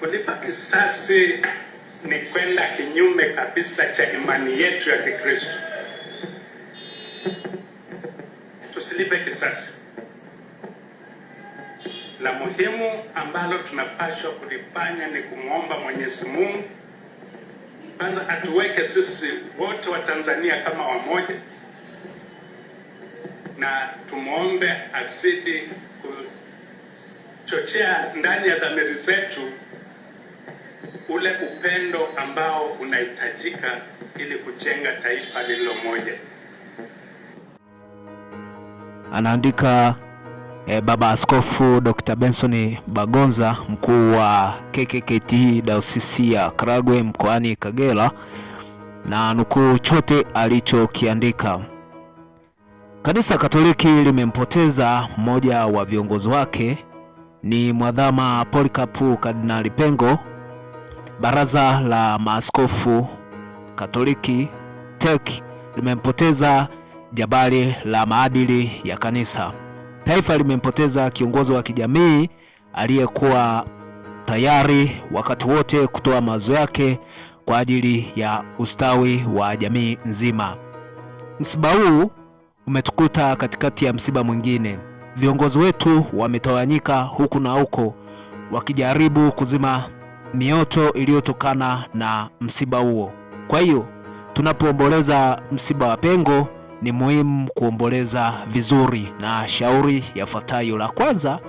Kulipa kisasi ni kwenda kinyume kabisa cha imani yetu ya Kikristo. Tusilipe kisasi. La muhimu ambalo tunapaswa kulifanya ni kumwomba Mwenyezi Mungu kwanza atuweke sisi wote wa Tanzania kama wamoja, na tumwombe azidi kuchochea ndani ya dhamiri zetu ule upendo ambao unahitajika ili kujenga taifa lililo moja. Anaandika eh, Baba Askofu Dr. Benson Bagonza, mkuu wa KKKT Dayosisi ya Karagwe mkoani Kagera, na nukuu chote alichokiandika: Kanisa Katoliki limempoteza mmoja wa viongozi wake, ni Mwadhama Polikapu Kardinali Pengo Baraza la Maaskofu Katoliki TEC limempoteza jabali la maadili ya kanisa. Taifa limempoteza kiongozi wa kijamii aliyekuwa tayari wakati wote kutoa mawazo yake kwa ajili ya ustawi wa jamii nzima. Msiba huu umetukuta katikati ya msiba mwingine. Viongozi wetu wametawanyika huku na huko wakijaribu kuzima mioto iliyotokana na msiba huo. Kwa hiyo tunapoomboleza msiba wa Pengo ni muhimu kuomboleza vizuri na shauri yafuatayo. La kwanza,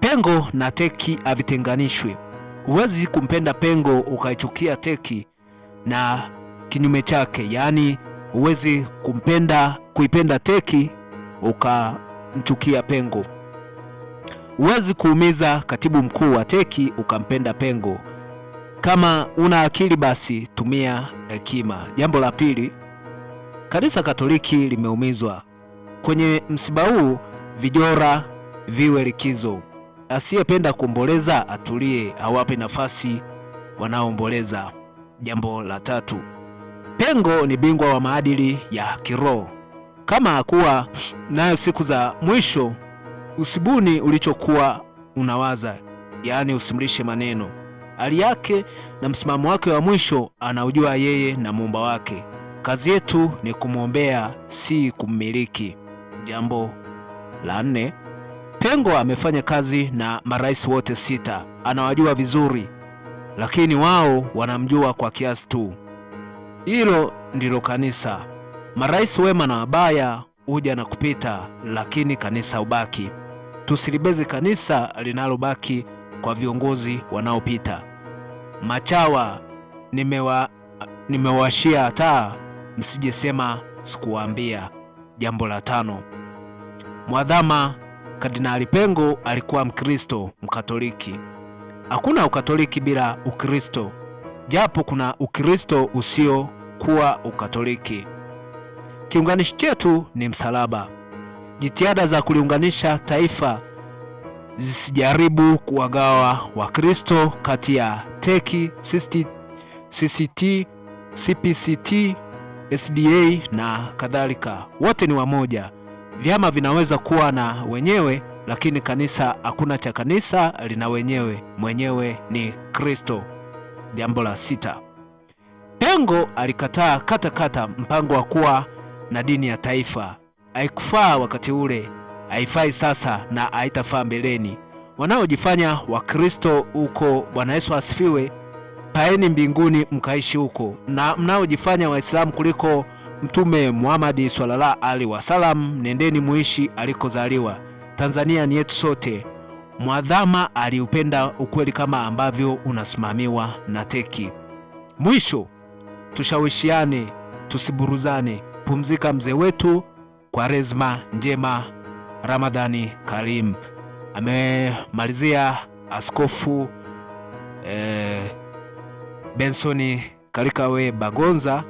Pengo na Teki havitenganishwi. Huwezi kumpenda Pengo ukaichukia Teki na kinyume chake, yaani huwezi kumpenda kuipenda Teki ukamchukia Pengo. Huwezi kuumiza katibu mkuu wa teki ukampenda pengo. Kama una akili basi tumia hekima. Jambo la pili, kanisa Katoliki limeumizwa kwenye msiba huu. Vijora viwe likizo, asiyependa kuomboleza atulie, awape nafasi wanaoomboleza. Jambo la tatu, pengo ni bingwa wa maadili ya kiroho. Kama hakuwa nayo siku za mwisho Usibuni ulichokuwa unawaza, yaani usimlishe maneno. Hali yake na msimamo wake wa mwisho anaujua yeye na muumba wake. Kazi yetu ni kumwombea, si kummiliki. Jambo la nne, Pengo amefanya kazi na marais wote sita, anawajua vizuri, lakini wao wanamjua kwa kiasi tu. Hilo ndilo kanisa. Marais wema na wabaya huja na kupita, lakini kanisa ubaki tusilibeze kanisa linalobaki kwa viongozi wanaopita. Machawa nimewa nimewashia taa, msijesema sikuwaambia. Jambo la tano, mwadhama Kardinali Pengo alikuwa Mkristo Mkatoliki. Hakuna ukatoliki bila Ukristo, japo kuna Ukristo usio kuwa ukatoliki. Kiunganishi chetu ni msalaba jitihada za kuliunganisha taifa zisijaribu kuwagawa Wakristo kati ya teki CCT, CPCT, SDA na kadhalika. Wote ni wamoja. Vyama vinaweza kuwa na wenyewe, lakini kanisa, hakuna cha kanisa lina wenyewe. Mwenyewe ni Kristo. Jambo la sita, Pengo alikataa kata katakata mpango wa kuwa na dini ya taifa haikufaa wakati ule, haifai sasa na haitafaa mbeleni. Wanaojifanya Wakristo huko, Bwana Yesu asifiwe, paeni mbinguni mkaishi huko, na mnaojifanya Waislamu kuliko Mtume Muhamadi swalala alaihi wasalam, nendeni muishi alikozaliwa. Tanzania ni yetu sote. Mwadhama aliupenda ukweli kama ambavyo unasimamiwa na teki. Mwisho, tushawishiane, tusiburuzane. Pumzika mzee wetu. Kwaresma njema, Ramadhani Karim. Amemalizia Askofu eh, Bensoni Kalikawe Bagonza.